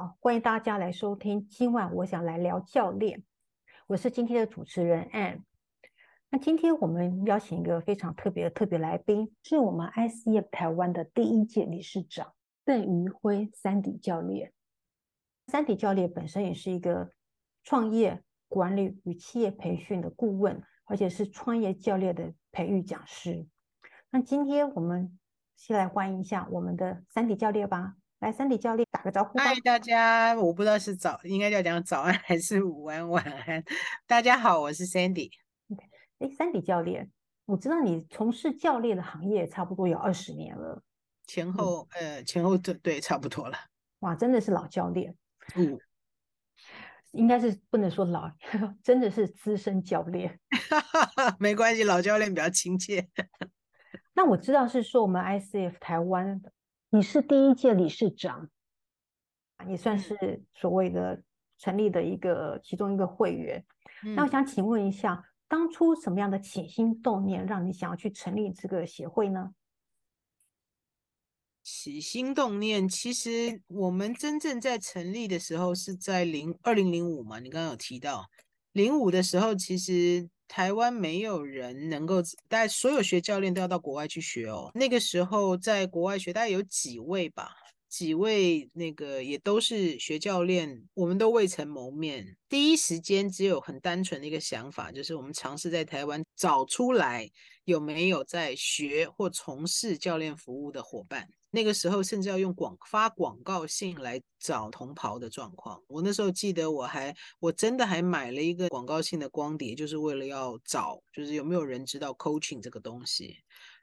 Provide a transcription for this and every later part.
好，歡迎大家來收聽，今晚我想來聊教練。我是今天的主持人 Anne。那今天我們邀請一個非常特別的特別來賓，是我們 ICF 台灣的第一屆理事長鄧雲暉 Sandy 教練。Sandy 教練本身也是一個創業管理與企業培訓的顧問，而且是創業教練的培育講師。那今天我們先來歡迎一下我們的 Sandy 教練吧。來，Sandy 教練，打個招呼。歡迎大家，我不知道是早，應該要講早安還是午安晚安。大家好，我是 Sandy。哎，Sandy 教練，我知道你從事教練的行業差不多有二十年了。前後，呃，前後對對，差不多了。哇，真的是老教練。嗯。應該是不能說老，真的是資深教練。 沒關係，老教練比較親切。 那我知道是說我們 ICF 台灣的。你是第一屆理事長，也算是所謂的成立的一個其中一個會員。嗯，那我想請問一下，當初什麼樣的起心動念，讓你想要去成立這個協會呢？起心動念，其實我們真正在成立的時候是在零二零零五嘛？你剛剛有提到零五的時候，其實。台灣沒有人能夠，大家所有學教練都要到國外去學哦。那個時候在國外學，大概有幾位吧，幾位那個也都是學教練，我們都未曾謀面。第一時間只有很單純的一個想法，就是我們嘗試在台灣找出來有沒有在學或從事教練服務的夥伴。那個時候甚至要用廣發廣告信來找同袍的狀況。我那時候記得，我還我真的還買了一個廣告信的光碟，就是為了要找，就是有沒有人知道 coaching 這個東西，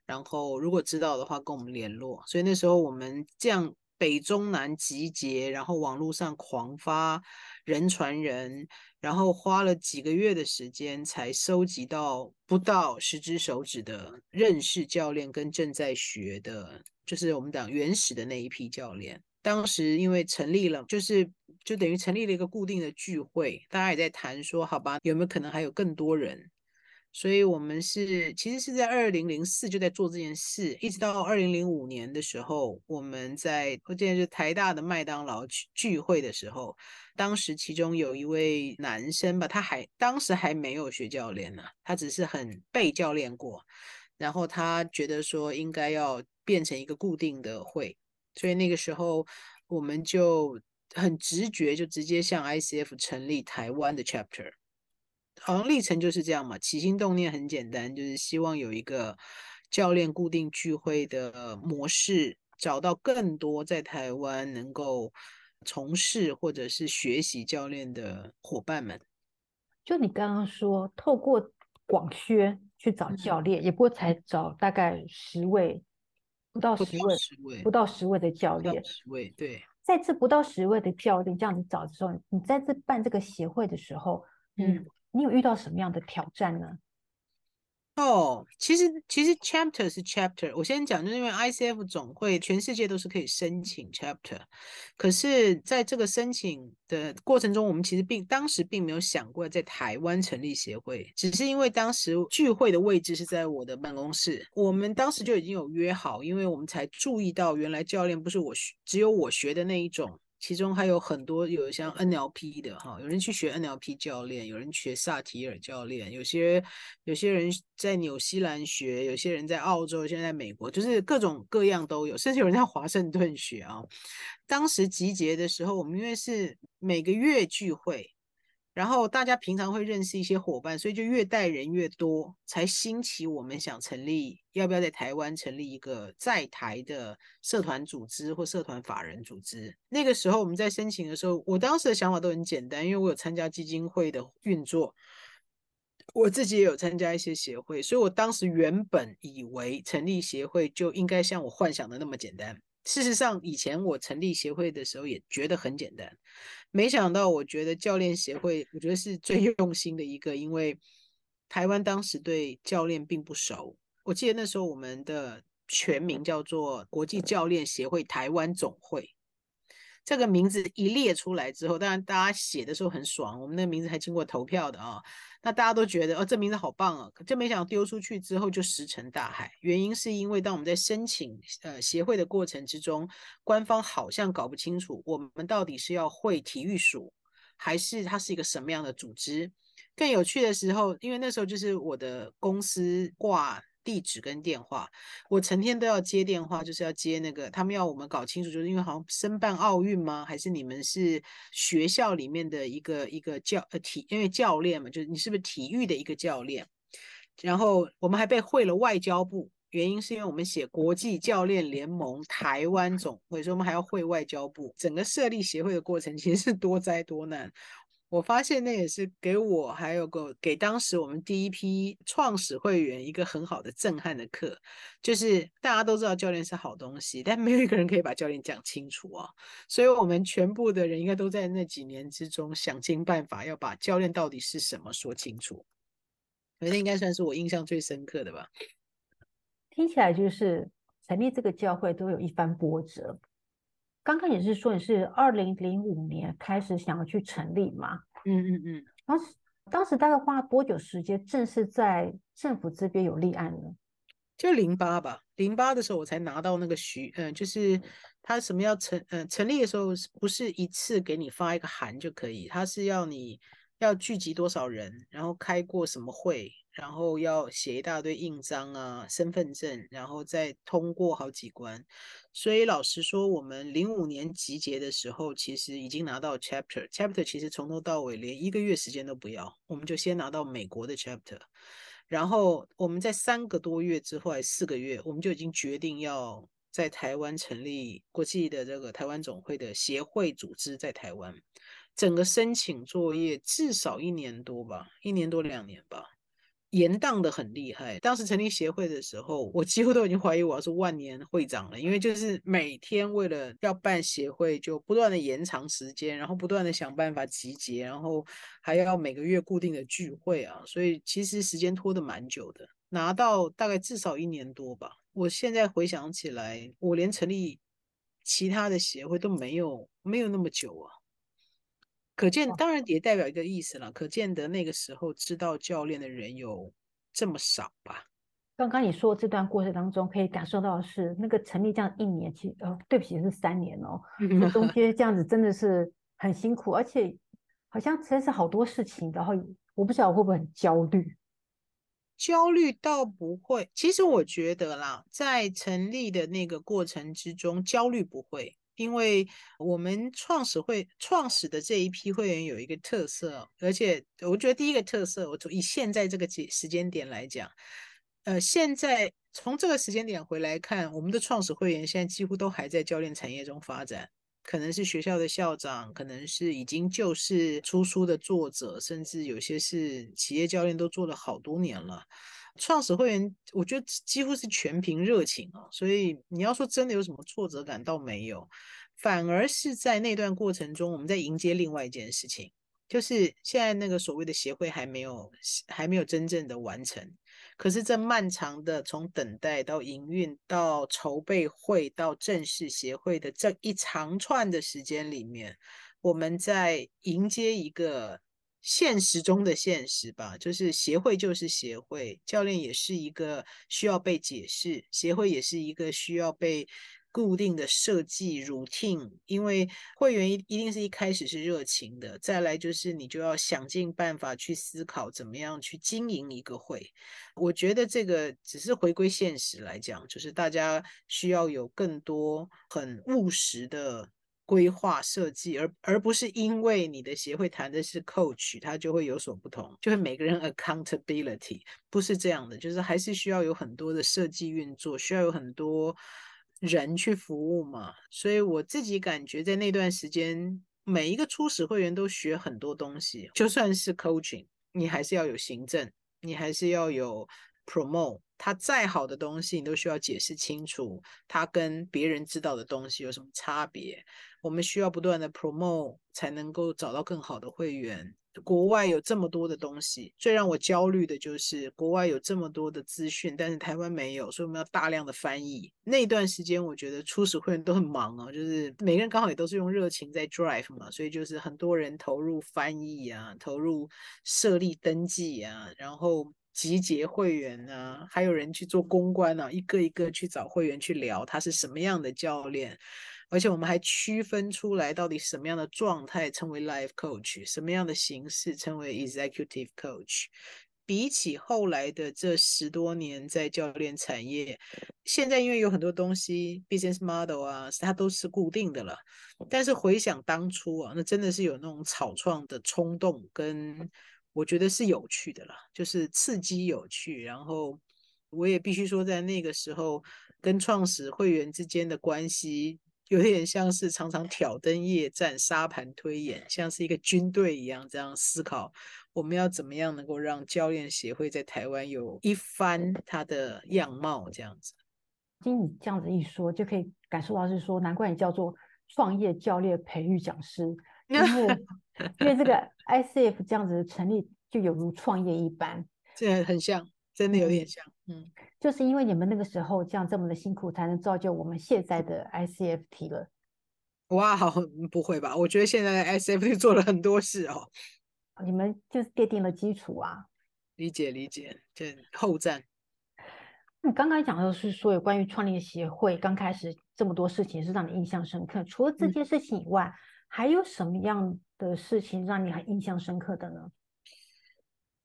然後如果知道的話，跟我們聯絡。所以那時候我們這樣北中南集結，然後網絡上狂發人傳人，然後花了幾個月的時間才收集到不到十隻手指的認識教練跟正在學的。就是我們講原始的那一批教練，當時因為成立了，就是就等於成立了一個固定的聚會，大家也在談說，好吧，有沒有可能還有更多人？所以，我們是其實是在二零零四就在做這件事，一直到二零零五年的時候，我們在我記得是台大的麥當勞聚聚會的時候，當時其中有一位男生吧，他還當時還沒有學教練呢、啊，他只是很被教練過。然後他覺得說應該要變成一個固定的會，所以那個時候我們就很直覺就直接向 ICF 成立台灣的 chapter，好像歷程就是這樣嘛。起心動念很簡單，就是希望有一個教練固定聚會的模式，找到更多在台灣能夠從事或者是學習教練的夥伴們。就你剛剛說，透過廣宣。去找教練，嗯、也不過才找大概十位，不，不到十位，不，十位不到十位的教練。十位，對，在這不到十位的教練這樣子找的時候，你在這辦這個協會的時候，嗯，嗯，你有遇到什麼樣的挑戰呢？哦，其實其實 chapter 是 chapter，我先講，就是因為 ICF 總會全世界都是可以申請 chapter，可是在這個申請的過程中，我們其實並當時並沒有想過在台灣成立協會，只是因為當時聚會的位置是在我的辦公室，我們當時就已經有約好，因為我們才注意到原來教練不是我學，只有我學的那一種。其中還有很多有像 NLP 的哈，有人去學 NLP 教練，有人學薩提爾教練，有些有些人在紐西蘭學，有些人在澳洲，現在在美國就是各種各樣都有，甚至有人在華盛頓學啊。當時集結的時候，我們因為是每個月聚會。然後大家平常會認識一些夥伴，所以就越帶人越多，才興起我們想成立，要不要在台灣成立一個在台的社團組織或社團法人組織？那個時候我們在申請的時候，我當時的想法都很簡單，因為我有參加基金會的運作，我自己也有參加一些協會，所以我當時原本以為成立協會就應該像我幻想的那麼簡單。事實上，以前我成立協會的時候也覺得很簡單。沒想到我覺得教練協會，我覺得是最用心的一個，因為台灣當時對教練並不熟。我記得那時候我們的全名叫做國際教練協會台灣總會。這個名字一列出來之後，當然大家寫的時候很爽，我們的名字還經過投票的啊、哦，那大家都覺得哦這名字好棒啊、哦，可就沒想丟出去之後就石沉大海。原因是因為當我們在申請呃協會的過程之中，官方好像搞不清楚我們到底是要會體育署，還是它是一個什麼樣的組織。更有趣的時候，因為那時候就是我的公司掛地址跟電話，我成天都要接電話，就是要接那個他們要我們搞清楚，就是因為好像申辦奧運嗎？還是你們是學校裡面的一個一個教、呃、體，因為教練嘛，就是你是不是體育的一個教練？然後我們還被會了外交部，原因是因為我們寫國際教練聯盟台灣總會，所以我們還要會外交部，整個設立協會的過程其實是多災多難。我發現那也是給我還有個給、給當時我們第一批創始會員一個很好的震撼的課，就是大家都知道教練是好東西，但沒有一個人可以把教練講清楚哦、啊。所以我們全部的人應該都在那幾年之中想盡辦法要把教練到底是什麼說清楚。我覺得應該算是我印象最深刻的吧。聽起來就是成立這個教會都有一番波折。剛開始是說你是二零零五年開始想要去成立嘛？嗯嗯嗯。當時當時大概花了多久時間？正式在政府這邊有立案呢？就零八吧，零八的時候我才拿到那個許，嗯、呃，就是他什麼要成，嗯、呃，成立的時候不是一次給你發一個函就可以？他是要你要聚集多少人，然後開過什麼會？然後要寫一大堆印章啊、身份證，然後再通過好幾關。所以老實說，我們零五年集結的時候，其實已經拿到 chapter。chapter 其實從頭到尾連一個月時間都不要，我們就先拿到美國的 chapter。然後我們在三個多月之後，還四個月，我們就已經決定要在台灣成立國際的這個台灣總會的協會組織，在台灣整個申請作業至少一年多吧，一年多兩年吧。延宕的很厲害。當時成立協會的時候，我幾乎都已經懷疑我要是萬年會長了，因為就是每天為了要辦協會，就不斷的延長時間，然後不斷的想辦法集結，然後還要每個月固定的聚會啊，所以其實時間拖得蠻久的，拿到大概至少一年多吧。我現在回想起來，我連成立其他的協會都沒有，沒有那麼久啊。可見，當然也代表一個意思了。哇可見得那個時候知道教練的人有這麼少吧？剛剛你說的這段過程當中，可以感受到的是那個成立這樣一年，其實呃、哦，對不起是三年哦，這 中間這樣子真的是很辛苦，而且好像真是好多事情。然後我不知道會不會很焦慮？焦慮倒不會。其實我覺得啦，在成立的那個過程之中，焦慮不會。因為我們創始會創始的這一批會員有一個特色，而且我覺得第一個特色，我以現在這個時間點來講，呃，現在從這個時間點回來看，我們的創始會員現在幾乎都還在教練產業中發展，可能是學校的校長，可能是已經就是出書的作者，甚至有些是企業教練都做了好多年了。創始會員，我覺得幾乎是全憑熱情啊、哦，所以你要說真的有什麼挫折感，倒沒有，反而是在那段過程中，我們在迎接另外一件事情，就是現在那個所謂的協會還沒有還沒有真正的完成，可是這漫長的從等待到營運到籌備會到正式協會的這一長串的時間裡面，我們在迎接一個。現實中的現實吧，就是協會就是協會，教練也是一個需要被解釋，協會也是一個需要被固定的設計 routine，因為會員一一定是一開始是熱情的，再來就是你就要想盡辦法去思考怎麼樣去經營一個會。我覺得這個只是回歸現實來講，就是大家需要有更多很務實的。規劃設計，而而不是因為你的協會談的是 coach，它就會有所不同，就是每個人 accountability 不是這樣的，就是還是需要有很多的設計運作，需要有很多人去服務嘛。所以我自己感覺在那段時間，每一個初始會員都學很多東西，就算是 coaching，你還是要有行政，你還是要有。Promote，它再好的東西，你都需要解釋清楚，它跟別人知道的東西有什麼差別。我們需要不斷的 Promote，才能夠找到更好的會員。國外有這麼多的東西，最讓我焦慮的就是國外有這麼多的資訊，但是台灣沒有，所以我們要大量的翻譯。那段時間，我覺得初始會員都很忙哦，就是每個人剛好也都是用熱情在 Drive 嘛，所以就是很多人投入翻譯啊，投入設立登記啊，然後。集結會員啊，還有人去做公關啊，一個一個去找會員去聊，他是什麼樣的教練，而且我們還區分出來到底什麼樣的狀態稱為 life coach，什麼樣的形式稱為 executive coach。比起後來的這十多年在教練產業，現在因為有很多東西 business model 啊，它都是固定的了。但是回想當初啊，那真的是有那種草創的衝動跟。我覺得是有趣的啦，就是刺激有趣。然後我也必須說，在那個時候，跟創始會員之間的關係有點像是常常挑燈夜戰、沙盤推演，像是一個軍隊一樣這樣思考，我們要怎麼樣能夠讓教練協會在台灣有一番他的樣貌這樣子。聽你這樣子一說，就可以感受到是說，難怪你叫做創業教練培育講師。 因為這個 ICF 這樣子成立，就有如創業一般，這很像，真的有點像。嗯，就是因為你們那個時候這樣這麼的辛苦，才能造就我們現在的 ICFT 了。哇，好，不會吧？我覺得現在的 ICFT 做了很多事哦，你們就是奠定了基礎啊。理解，理解，這後戰。你，嗯、剛剛講的是說，有關於創立協會剛開始這麼多事情，是讓你印象深刻。除了這件事情以外。嗯還有什麼樣的事情讓你很印象深刻的呢？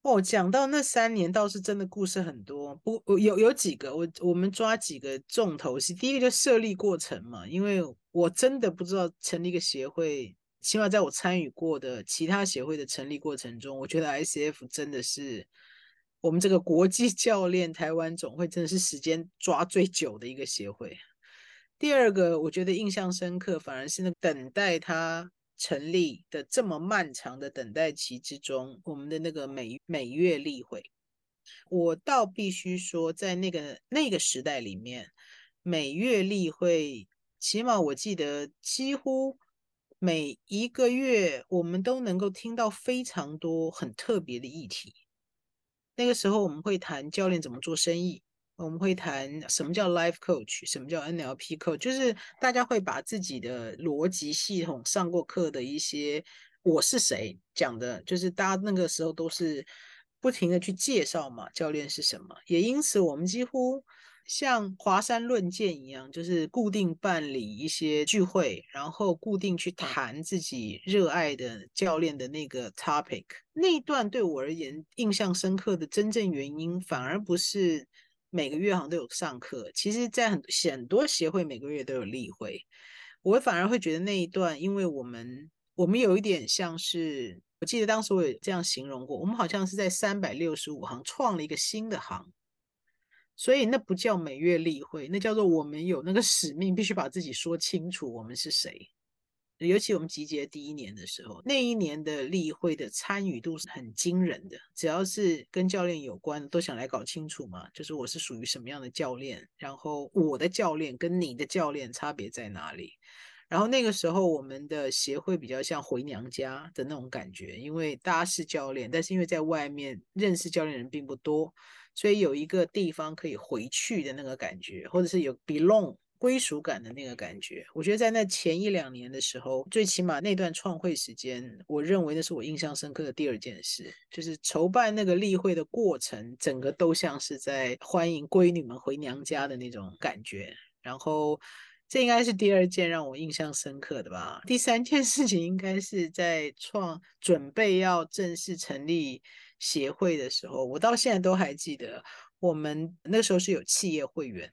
哦，講到那三年倒是真的故事很多，不有有幾個我我們抓幾個重頭戲。第一個就是設立過程嘛，因為我真的不知道成立一個協會，起碼在我參與過的其他協會的成立過程中，我覺得 ICF 真的是我們這個國際教練台灣總會真的是時間抓最久的一個協會。第二個，我覺得印象深刻，反而是那等待他成立的這麼漫長的等待期之中，我們的那個每每月例會，我倒必須說，在那個那個時代裡面，每月例會，起碼我記得幾乎每一個月，我們都能夠聽到非常多很特別的議題。那個時候我們會談教練怎麼做生意。我們會談什麼叫 life coach，什麼叫 NLP coach，就是大家會把自己的邏輯系統上過課的一些我是誰講的，就是大家那個時候都是不停的去介紹嘛，教練是什麼，也因此我們幾乎像華山論劍一樣，就是固定辦理一些聚會，然後固定去談自己熱愛的教練的那個 topic。那一段對我而言，印象深刻的真正原因，反而不是。每個月好像都有上課，其實，在很多很多協會每個月都有例會，我反而會覺得那一段，因為我們我們有一點像是，我記得當時我也這樣形容過，我們好像是在三百六十五行創了一個新的行，所以那不叫每月例會，那叫做我們有那個使命，必須把自己說清楚，我們是誰。尤其我們集結第一年的時候，那一年的例會的參與度是很驚人的。只要是跟教練有關，都想來搞清楚嘛，就是我是屬於什麼樣的教練，然後我的教練跟你的教練差別在哪裡。然後那個時候，我們的協會比較像回娘家的那種感覺，因為大家是教練，但是因為在外面認識教練人並不多，所以有一個地方可以回去的那個感覺，或者是有 belong。歸屬感的那個感覺，我覺得在那前一兩年的時候，最起碼那段創會時間，我認為那是我印象深刻的第二件事，就是籌辦那個例會的過程，整個都像是在歡迎閨女們回娘家的那種感覺。然後，這應該是第二件讓我印象深刻的吧。第三件事情應該是在創，準備要正式成立協會的時候，我到現在都還記得，我們那時候是有企業會員。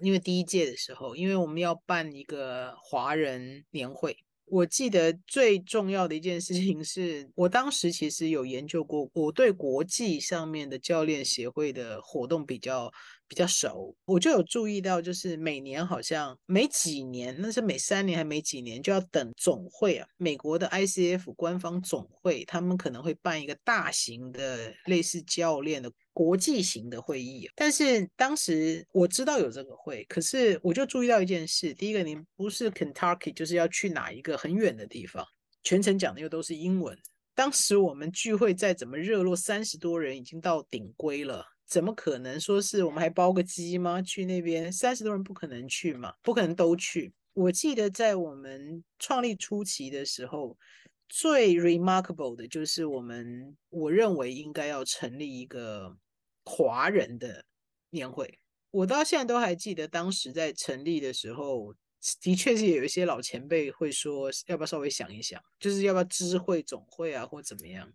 因為第一屆的時候，因為我們要辦一個華人年會，我記得最重要的一件事情是，我當時其實有研究過，我對國際上面的教練協會的活動比較。比較熟，我就有注意到，就是每年好像每幾年，那是每三年還是沒幾年，就要等總會啊。美國的 ICF 官方總會，他們可能會辦一個大型的類似教練的國際型的會議啊。但是當時我知道有這個會，可是我就注意到一件事：第一個，您不是 Kentucky，就是要去哪一個很遠的地方，全程講的又都是英文。當時我們聚會再怎麼熱絡，三十多人已經到頂規了。怎麼可能說是我們還包個機嗎？去那邊三十多人不可能去嘛，不可能都去。我記得在我們創立初期的時候，最 remarkable 的就是我們，我認為應該要成立一個華人的年會。我到現在都還記得當時在成立的時候，的確是有一些老前輩會說，要不要稍微想一想，就是要不要知會總會啊，或怎麼樣。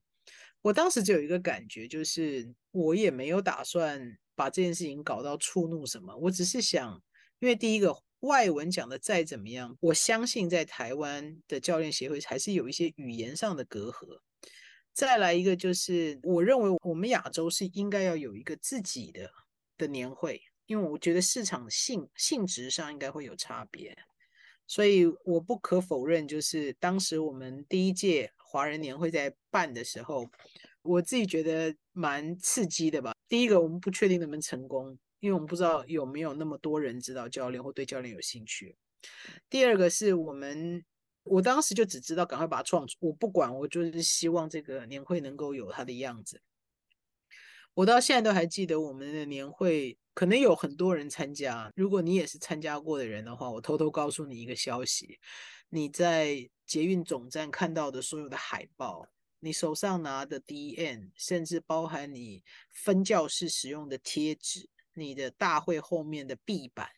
我當時就有一個感覺，就是我也沒有打算把這件事情搞到觸怒什麼。我只是想，因為第一個外文講的再怎麼樣，我相信在台灣的教練協會還是有一些語言上的隔閡。再來一個就是，我認為我們亞洲是應該要有一個自己的的年會，因為我覺得市場性性質上應該會有差別。所以我不可否認，就是當時我們第一屆。華人年會在辦的時候，我自己覺得蠻刺激的吧。第一個，我們不確定能不能成功，因為我們不知道有沒有那麼多人知道教練或對教練有興趣。第二個是我們，我當時就只知道趕快把它創出，我不管，我就是希望這個年會能夠有它的樣子。我到現在都還記得我們的年會，可能有很多人參加。如果你也是參加過的人的話，我偷偷告訴你一個消息。你在捷運總站看到的所有的海報，你手上拿的 DM，甚至包含你分教室使用的貼紙，你的大會後面的壁板，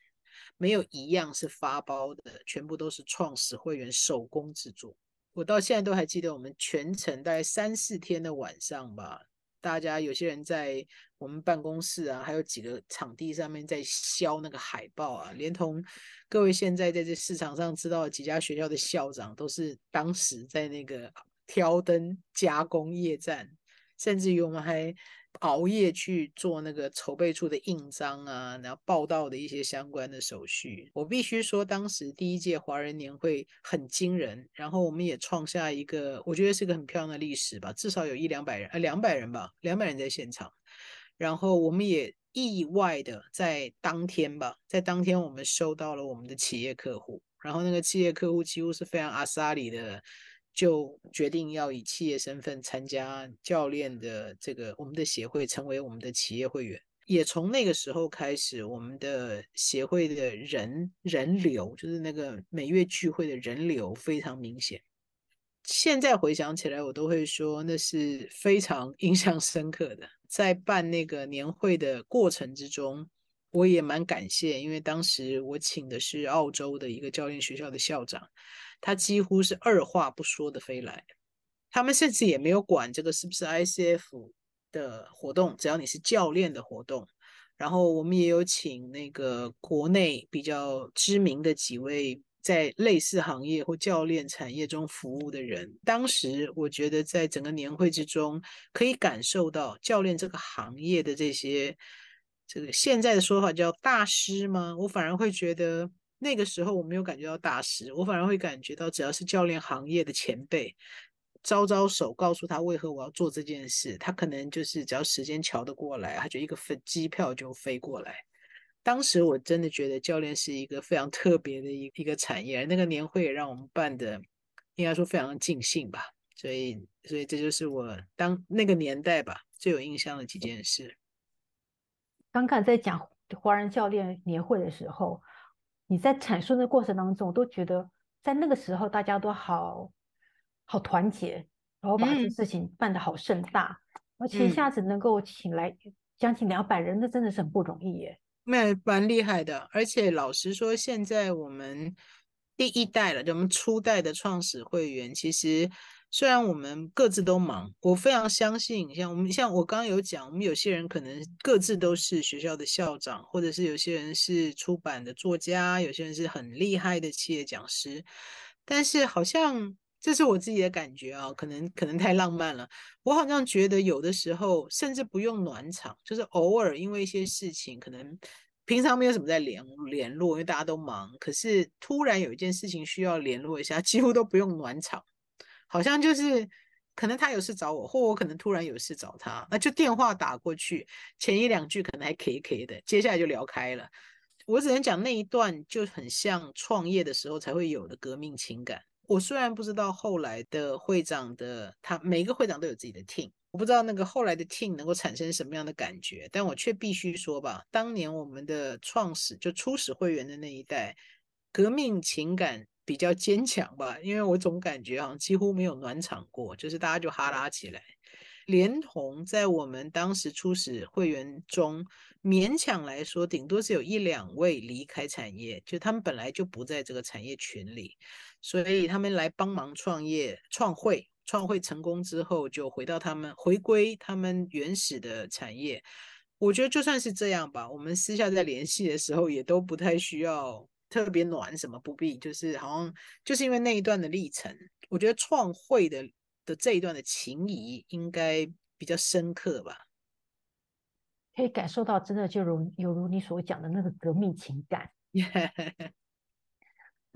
沒有一樣是發包的，全部都是創始會員手工製作。我到現在都還記得，我們全程大概三四天的晚上吧，大家有些人在。我們辦公室啊，還有幾個場地上面在銷那個海報啊，連同各位現在在這市場上知道的幾家學校的校長，都是當時在那個挑燈加工業站，甚至於我們還熬夜去做那個籌備處的印章啊，然後報到的一些相關的手續。我必須說，當時第一屆華人年會很驚人，然後我們也創下一個，我覺得是個很漂亮的歷史吧，至少有一兩百人啊，兩百人吧，兩百人在現場。然後我們也意外的在當天吧，在當天我們收到了我們的企業客戶，然後那個企業客戶幾乎是非常阿莎力的，就決定要以企業身份參加教練的這個我們的協會，成為我們的企業會員。也從那個時候開始，我們的協會的人人流，就是那個每月聚會的人流，非常明顯。現在回想起來，我都會說那是非常印象深刻的。在辦那個年會的過程之中，我也蠻感謝，因為當時我請的是澳洲的一個教練學校的校長，他幾乎是二話不說的飛來。他們甚至也沒有管這個是不是 ICF 的活動，只要你是教練的活動。然後我們也有請那個國內比較知名的幾位。在類似行業或教練產業中服務的人。當時我覺得在整個年會之中，可以感受到教練這個行業的這些，這個現在的說法叫大師嗎？我反而會覺得那個時候我沒有感覺到大師，我反而會感覺到只要是教練行業的前輩，招招手告訴他為何我要做這件事，他可能就是只要時間瞧得過來，他就一個飛機票就飛過來。當時我真的覺得教練是一個非常特別的一一個產業，那個年會也讓我們辦的，應該說非常盡興吧。所以，所以這就是我當那個年代吧最有印象的幾件事。剛剛在講華人教練年會的時候，你在闡述的過程當中，我都覺得在那個時候大家都好好團結，然後把這些事情辦得好盛大，嗯、而且一下子能夠請來將近兩百人，嗯、那真的是很不容易耶。那蠻厲害的，而且老實說，現在我們第一代了，就我們初代的創始會員，其實雖然我們各自都忙，我非常相信，像我們像我剛剛有講，我們有些人可能各自都是學校的校長，或者是有些人是出版的作家，有些人是很厲害的企業講師，但是好像。這是我自己的感覺啊、哦，可能可能太浪漫了。我好像覺得有的時候甚至不用暖場，就是偶爾因為一些事情，可能平常沒有什麼在聯聯絡，因為大家都忙。可是突然有一件事情需要聯絡一下，幾乎都不用暖場，好像就是可能他有事找我，或我可能突然有事找他，那就電話打過去，前一兩句可能還 K K 的，接下來就聊開了。我只能講那一段就很像創業的時候才會有的革命情感。我雖然不知道後來的會長的他每一個會長都有自己的 team，我不知道那個後來的 team 能夠產生什麼樣的感覺，但我卻必須說吧，當年我們的創始就初始會員的那一代，革命情感比較堅強吧，因為我總感覺好像幾乎沒有暖場過，就是大家就哈拉起來，連同在我們當時初始會員中，勉強來說頂多是有一兩位離開產業，就他們本來就不在這個產業群裡。所以他們來幫忙創業、創會，創會成功之後就回到他們回歸他們原始的產業。我覺得就算是這樣吧，我們私下在聯繫的時候也都不太需要特別暖什麼，不必。就是好像就是因為那一段的歷程，我覺得創會的的這一段的情誼應該比較深刻吧，可以感受到真的就如有如你所講的那個革命情感。Yeah.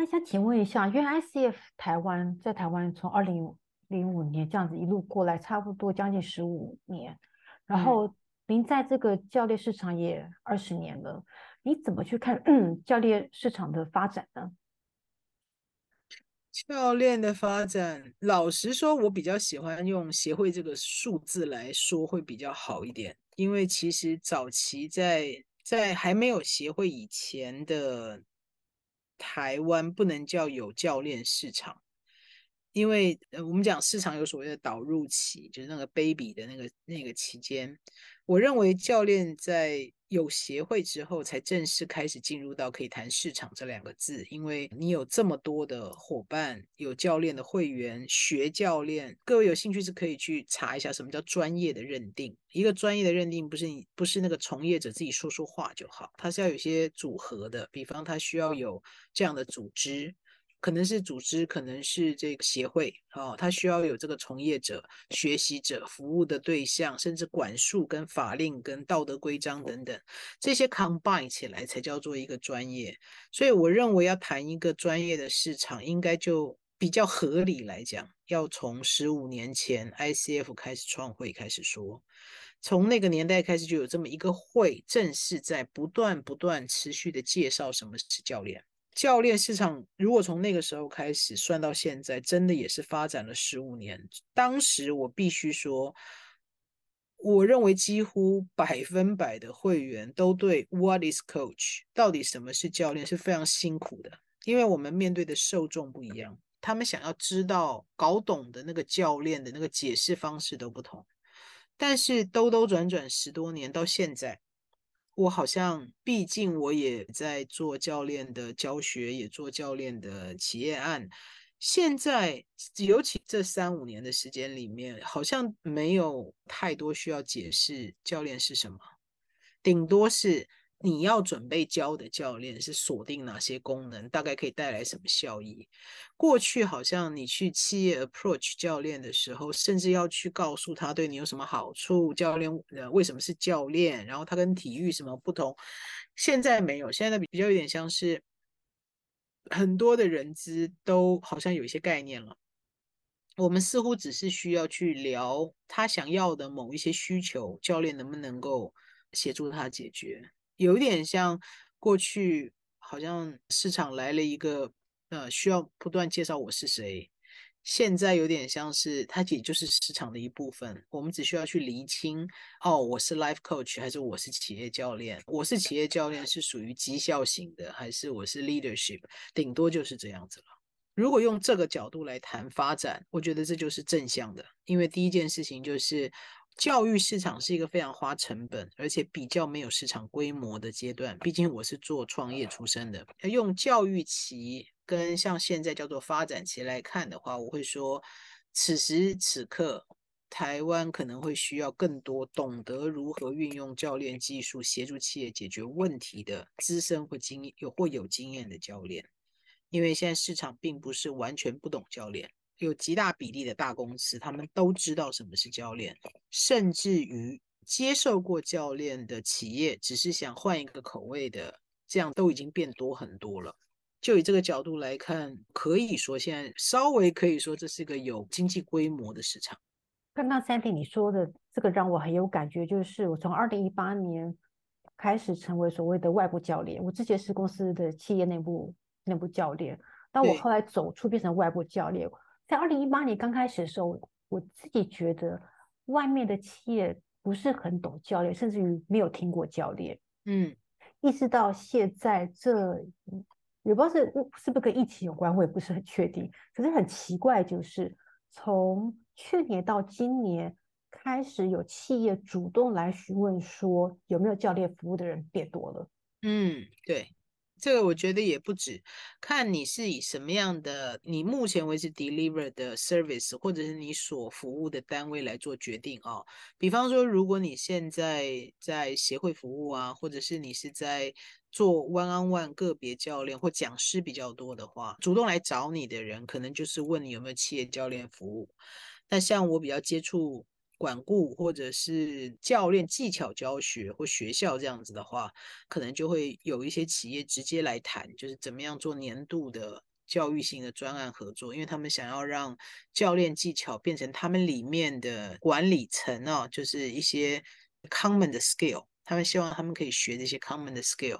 那想請問一下，因為 ICF 台灣在台灣從二零零五年這樣子一路過來，差不多將近十五年，然後您在這個教練市場也二十年了，你怎麼去看，嗯，教練市場的發展呢？教練的發展，老實說，我比較喜歡用協會這個數字來說會比較好一點，因為其實早期在在還沒有協會以前的。台灣不能叫有教練市場，因為呃，我們講市場有所謂的導入期，就是那個 baby 的那個那個期間。我認為教練在。有協會之後，才正式開始進入到可以談市場這兩個字。因為你有這麼多的夥伴，有教練的會員、學教練，各位有興趣是可以去查一下什麼叫專業的認定。一個專業的認定，不是你不是那個從業者自己說說話就好，它是要有些組合的。比方，它需要有這樣的組織。可能是組織，可能是這個協會，哦，他需要有這個從業者、學習者、服務的對象，甚至管束跟法令、跟道德規章等等，這些 combine 起來才叫做一個專業。所以，我認為要談一個專業的市場，應該就比較合理來講，要從十五年前 ICF 開始創會開始說，從那個年代開始就有這麼一個會，正是在不斷、不斷、持續的介紹什麼是教練。教練市場，如果從那個時候開始算到現在，真的也是發展了十五年。當時我必須說，我認為幾乎百分百的會員都對 “What is Coach” 到底什麼是教練是非常辛苦的，因為我們面對的受眾不一樣，他們想要知道、搞懂的那個教練的那個解釋方式都不同。但是兜兜轉轉十多年到現在。我好像，畢竟我也在做教練的教學，也做教練的企業案。現在尤其這三五年的時間裡面，好像沒有太多需要解釋教練是什麼，頂多是。你要準備教的教練是鎖定哪些功能？大概可以帶來什麼效益？過去好像你去企業 approach 教練的時候，甚至要去告訴他對你有什麼好處。教練呃，為什麼是教練？然後他跟體育什麼不同？現在沒有，現在比較有點像是很多的人資都好像有一些概念了。我們似乎只是需要去聊他想要的某一些需求，教練能不能夠協助他解決？有點像過去，好像市場來了一個，呃，需要不斷介紹我是誰。現在有點像是它，也就是市場的一部分。我們只需要去釐清，哦，我是 Life Coach，還是我是企業教練？我是企業教練是屬於績效型的，還是我是 Leadership？頂多就是這樣子了。如果用這個角度來談發展，我覺得這就是正向的，因為第一件事情就是，教育市場是一個非常花成本，而且比較沒有市場規模的階段。畢竟我是做創業出身的，用教育期跟像現在叫做發展期來看的話，我會說，此時此刻，台灣可能會需要更多懂得如何運用教練技術協助企業解決問題的資深或經有或有經驗的教練，因為現在市場並不是完全不懂教練。有極大比例的大公司，他們都知道什麼是教練，甚至於接受過教練的企業，只是想換一個口味的，這樣都已經變多很多了。就以這個角度來看，可以說現在稍微可以說這是一個有經濟規模的市場。剛剛三 a 你說的這個讓我很有感覺，就是我從2018年開始成為所謂的外部教練，我之前是公司的企業內部內部教練，但我後來走出變成外部教練。在二零一八年剛開始的時候，我自己覺得外面的企業不是很懂教練，甚至於沒有聽過教練。嗯，一直到現在，這也不知道是是不是跟疫情有關，我也不是很確定。可是很奇怪，就是從去年到今年，開始有企業主動來詢問說有沒有教練服務的人變多了。嗯，對。這個我覺得也不止，看你是以什麼樣的你目前為止 deliver 的 service，或者是你所服務的單位來做決定啊。比方說，如果你現在在協會服務啊，或者是你是在做 one on one 個別教練或講師比較多的話，主動來找你的人，可能就是問你有沒有企業教練服務。但像我比較接觸。管顧或者是教練技巧教學或學校這樣子的話，可能就會有一些企業直接來談，就是怎麼樣做年度的教育性的專案合作，因為他們想要讓教練技巧變成他們裡面的管理層哦，就是一些 common 的 skill，他們希望他們可以學這些 common 的 skill。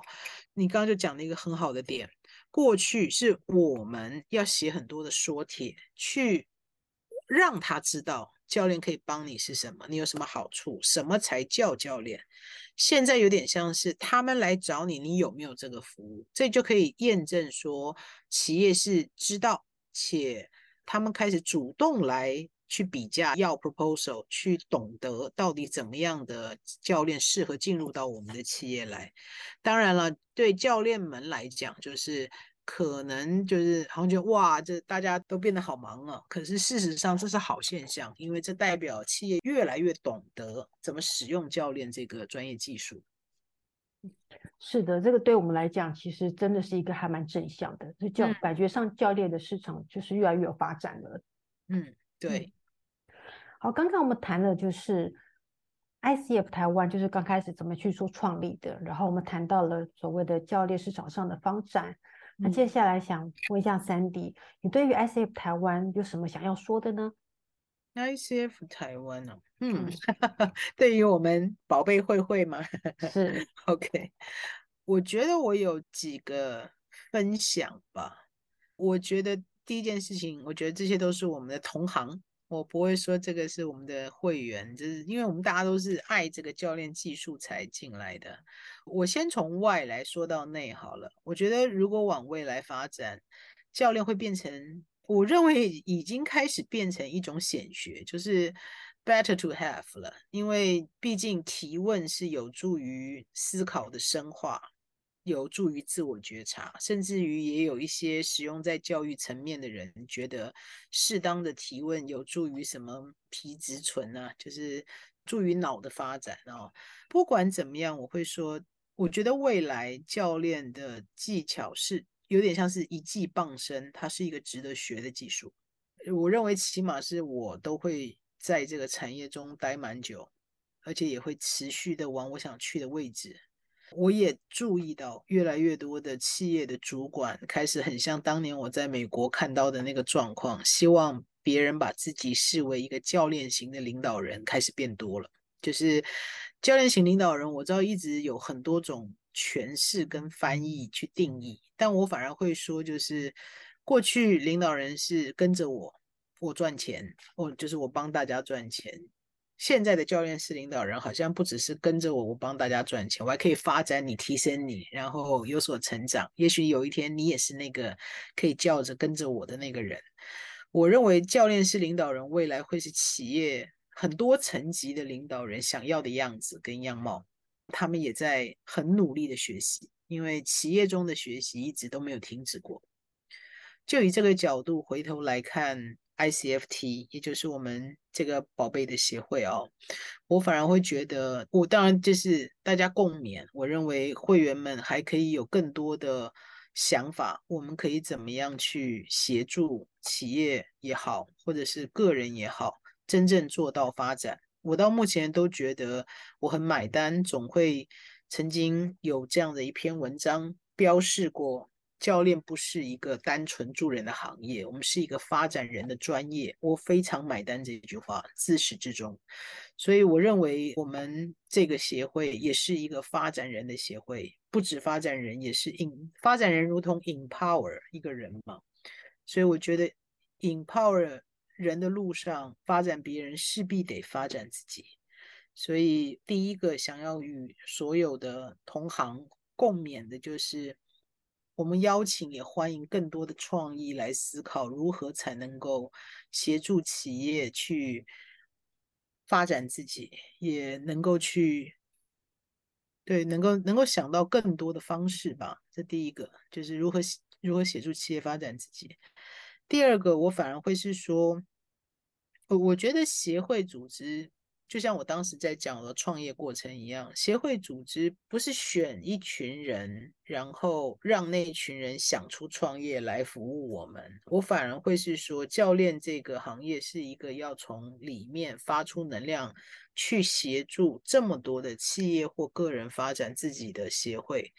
你剛剛就講了一個很好的點，過去是我們要寫很多的說帖去讓他知道。教練可以幫你是什麼？你有什麼好處？什麼才叫教練？現在有點像是他們來找你，你有沒有這個服務？這就可以驗證說，企業是知道，且他們開始主動來去比價，要 proposal，去懂得到底怎麼樣的教練適合進入到我們的企業來。當然了，對教練們來講，就是。可能就是好像覺得哇，這大家都變得好忙了。可是事實上，這是好現象，因為這代表企業越來越懂得怎麼使用教練這個專業技術。是的，這個對我們來講，其實真的是一個還蠻正向的。就教，感覺上，教練的市場就是越來越有發展了。嗯，對嗯。好，剛剛我們談了就是 ICF 台灣，就是剛開始怎麼去說創立的。然後我們談到了所謂的教練市場上的發展。那、嗯啊、接下來想問一下 Sandy，你對於 ICF 台灣有什麼想要說的呢？ICF 台灣哦、啊，嗯， 對於我們寶貝慧慧嘛？是 OK，我覺得我有幾個分享吧。我覺得第一件事情，我覺得這些都是我們的同行。我不會說這個是我們的會員，就是因為我們大家都是愛這個教練技術才進來的。我先從外來說到內好了。我覺得如果往未來發展，教練會變成，我認為已經開始變成一種顯學，就是 better to have 了，因為畢竟提問是有助於思考的深化。有助於自我覺察，甚至於也有一些使用在教育層面的人覺得適當的提問有助於什麼皮質醇啊，就是助於腦的發展哦。不管怎麼樣，我會說，我覺得未來教練的技巧是有點像是一技傍身，它是一個值得學的技術。我認為起碼是我都會在這個產業中待蠻久，而且也會持續的往我想去的位置。我也注意到，越來越多的企業的主管開始很像當年我在美國看到的那個狀況，希望別人把自己視為一個教練型的領導人，開始變多了。就是教練型領導人，我知道一直有很多種詮釋跟翻譯去定義，但我反而會說，就是過去領導人是跟着我，我賺錢，或就是我幫大家賺錢。現在的教練是領導人，好像不只是跟着我，我幫大家賺錢，我還可以發展你、提升你，然後有所成長。也許有一天，你也是那個可以叫着跟着我的那個人。我認為教練是領導人，未來會是企業很多層級的領導人想要的樣子跟樣貌。他們也在很努力的學習，因為企業中的學習一直都沒有停止過。就以這個角度回頭來看，ICFT，也就是我們這個寶貝的協會啊、哦，我反而會覺得，我當然就是大家共勉。我認為會員們還可以有更多的想法，我們可以怎麼樣去協助企業也好，或者是個人也好，真正做到發展。我到目前都覺得我很買單，總會曾經有這樣的一篇文章標示過。教練不是一個單純助人的行業，我們是一個發展人的專業。我非常買單這句話，自始至終。所以我認為我們這個協會也是一個發展人的協會，不止發展人，也是 in 發展人，如同 empower 一個人嘛。所以我覺得 empower 人的路上，發展別人勢必得發展自己。所以第一個想要與所有的同行共勉的就是。我們邀請也歡迎更多的創意來思考如何才能夠協助企業去發展自己，也能夠去對能夠能夠想到更多的方式吧。這第一個就是如何如何協助企業發展自己。第二個，我反而會是說我我覺得協會組織。就像我當時在講的創業過程一樣，協會組織不是選一群人，然後讓那一群人想出創業來服務我們。我反而會是說，教練這個行業是一個要從裡面發出能量，去協助這麼多的企業或個人發展自己的協會。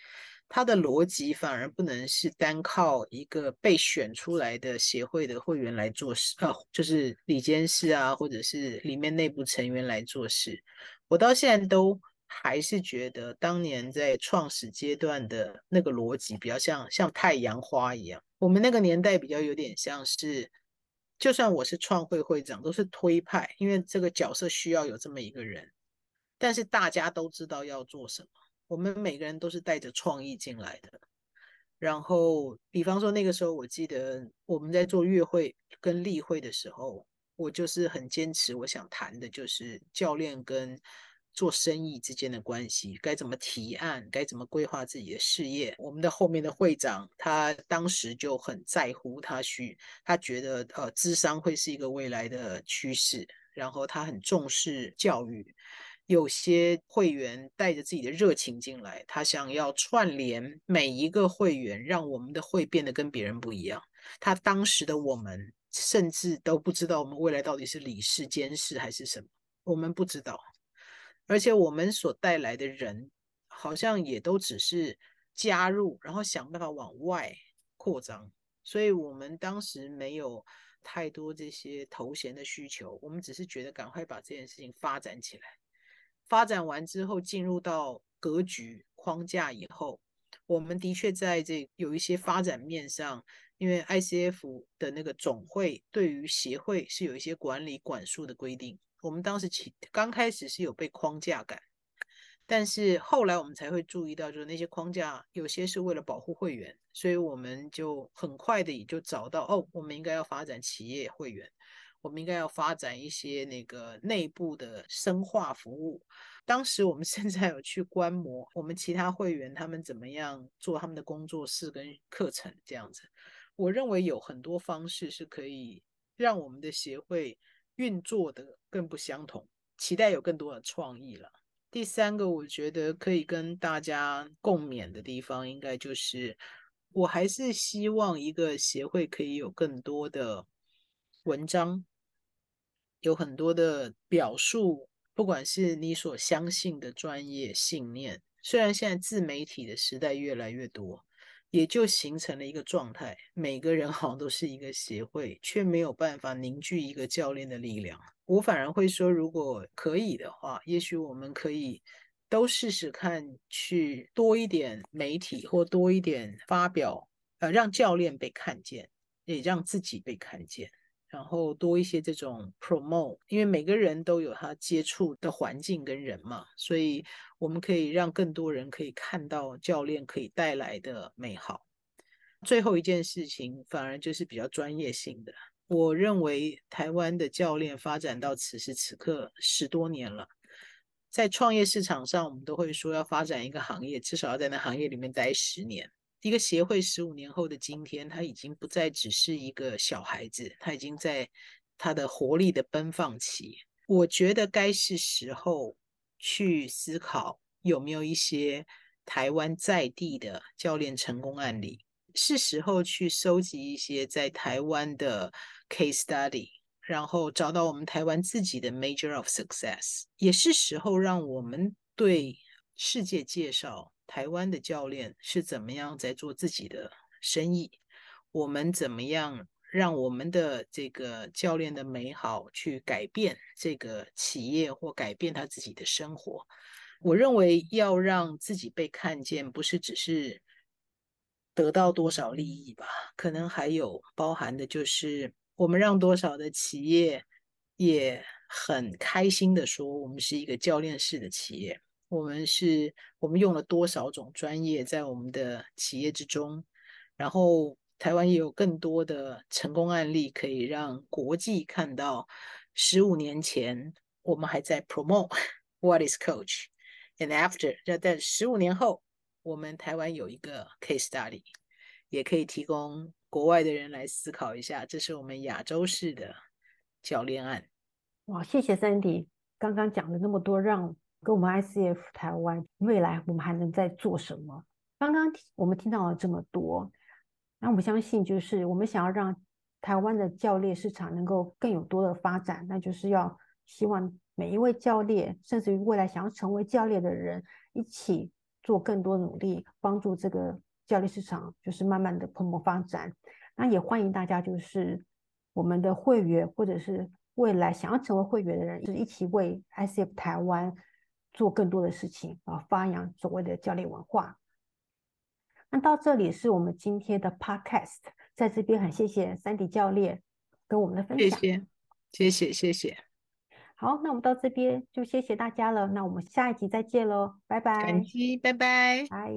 他的邏輯反而不能是單靠一個被選出來的協會的會員來做事，呃，就是理監事啊，或者是裡面內部成員來做事。我到現在都還是覺得，當年在創始階段的那個邏輯比較像像太陽花一樣，我們那個年代比較有點像是，就算我是創會會長，都是推派，因為這個角色需要有這麼一個人，但是大家都知道要做什麼。我們每個人都是帶着創意進來的。然後，比方說那個時候，我記得我們在做月會跟例會的時候，我就是很堅持，我想談的就是教練跟做生意之間的關係，該怎麼提案，該怎麼規劃自己的事業。我們的後面的會長，他當時就很在乎，他去他覺得呃，諮商會，是一個未來的趨勢，然後他很重視教育。有些會員帶着自己的熱情進來，他想要串聯每一個會員，讓我們的會變得跟別人不一樣。他當時的我們甚至都不知道我們未來到底是理事、監事還是什麼，我們不知道。而且我們所帶來的人好像也都只是加入，然後想辦法往外擴張，所以我們當時沒有太多這些頭銜的需求，我們只是覺得趕快把這件事情發展起來。發展完之後，進入到格局框架以後，我們的確在這有一些發展面上，因為 ICF 的那個總會對於協會是有一些管理管束的規定。我們當時起，剛開始是有被框架感，但是後來我們才會注意到，就是那些框架有些是為了保護會員，所以我們就很快的也就找到，哦，我們應該要發展企業會員。我們應該要發展一些那個內部的深化服務。當時我們現在有去觀摩我們其他會員他們怎麼樣做他們的工作室跟課程這樣子。我認為有很多方式是可以讓我們的協會運作得更不相同，期待有更多的創意了。第三個，我覺得可以跟大家共勉的地方，應該就是我還是希望一個協會可以有更多的文章。有很多的表述，不管是你所相信的專業信念，雖然現在自媒體的時代越來越多，也就形成了一個狀態，每個人好像都是一個協會，卻沒有辦法凝聚一個教練的力量。我反而會說，如果可以的話，也許我們可以都試試看，去多一點媒體或多一點發表，呃，讓教練被看見，也讓自己被看見。然後多一些這種 promote，因為每個人都有他接觸的環境跟人嘛，所以我們可以讓更多人可以看到教練可以帶來的美好。最後一件事情反而就是比較專業性的，我認為台灣的教練發展到此時此刻十多年了，在創業市場上，我們都會說要發展一個行業，至少要在那行業裡面待十年。一個協會十五年後的今天，他已經不再只是一個小孩子，他已經在他的活力的奔放期。我覺得該是時候去思考有沒有一些台灣在地的教練成功案例，是時候去收集一些在台灣的 case study，然後找到我們台灣自己的 major of success。也是時候讓我們對世界介紹。台灣的教練是怎麼樣在做自己的生意？我們怎麼樣讓我們的這個教練的美好去改變這個企業或改變他自己的生活？我認為要讓自己被看見，不是只是得到多少利益吧？可能還有包含的就是我們讓多少的企業也很開心的說，我們是一個教練式的企業。我們是，我們用了多少種專業在我們的企業之中，然後台灣也有更多的成功案例可以讓國際看到。十五年前，我們還在 promote what is coach，and after 要在十五年後，我們台灣有一個 case study，也可以提供國外的人來思考一下，這是我們亞洲式的教練案。哇，謝謝 Sandy，剛剛講了那麼多，讓。跟我們 ICF 台灣，未來我們還能再做什麼？剛剛我們聽到了這麼多，那我們相信，就是我們想要讓台灣的教練市場能夠更有多的發展，那就是要希望每一位教練，甚至於未來想要成為教練的人，一起做更多努力，幫助這個教練市場就是慢慢的蓬勃發展。那也歡迎大家，就是我們的會員，或者是未來想要成為會員的人，就是一起為 ICF 台灣。做更多的事情啊，發揚所謂的教練文化。那到這裡是我們今天的 podcast，在這邊很謝謝 Sandy 教練跟我們的分享，謝謝謝謝謝謝。謝謝謝謝好，那我們到這邊就謝謝大家了，那我們下一集再見嘍，拜拜，感激，拜拜，拜。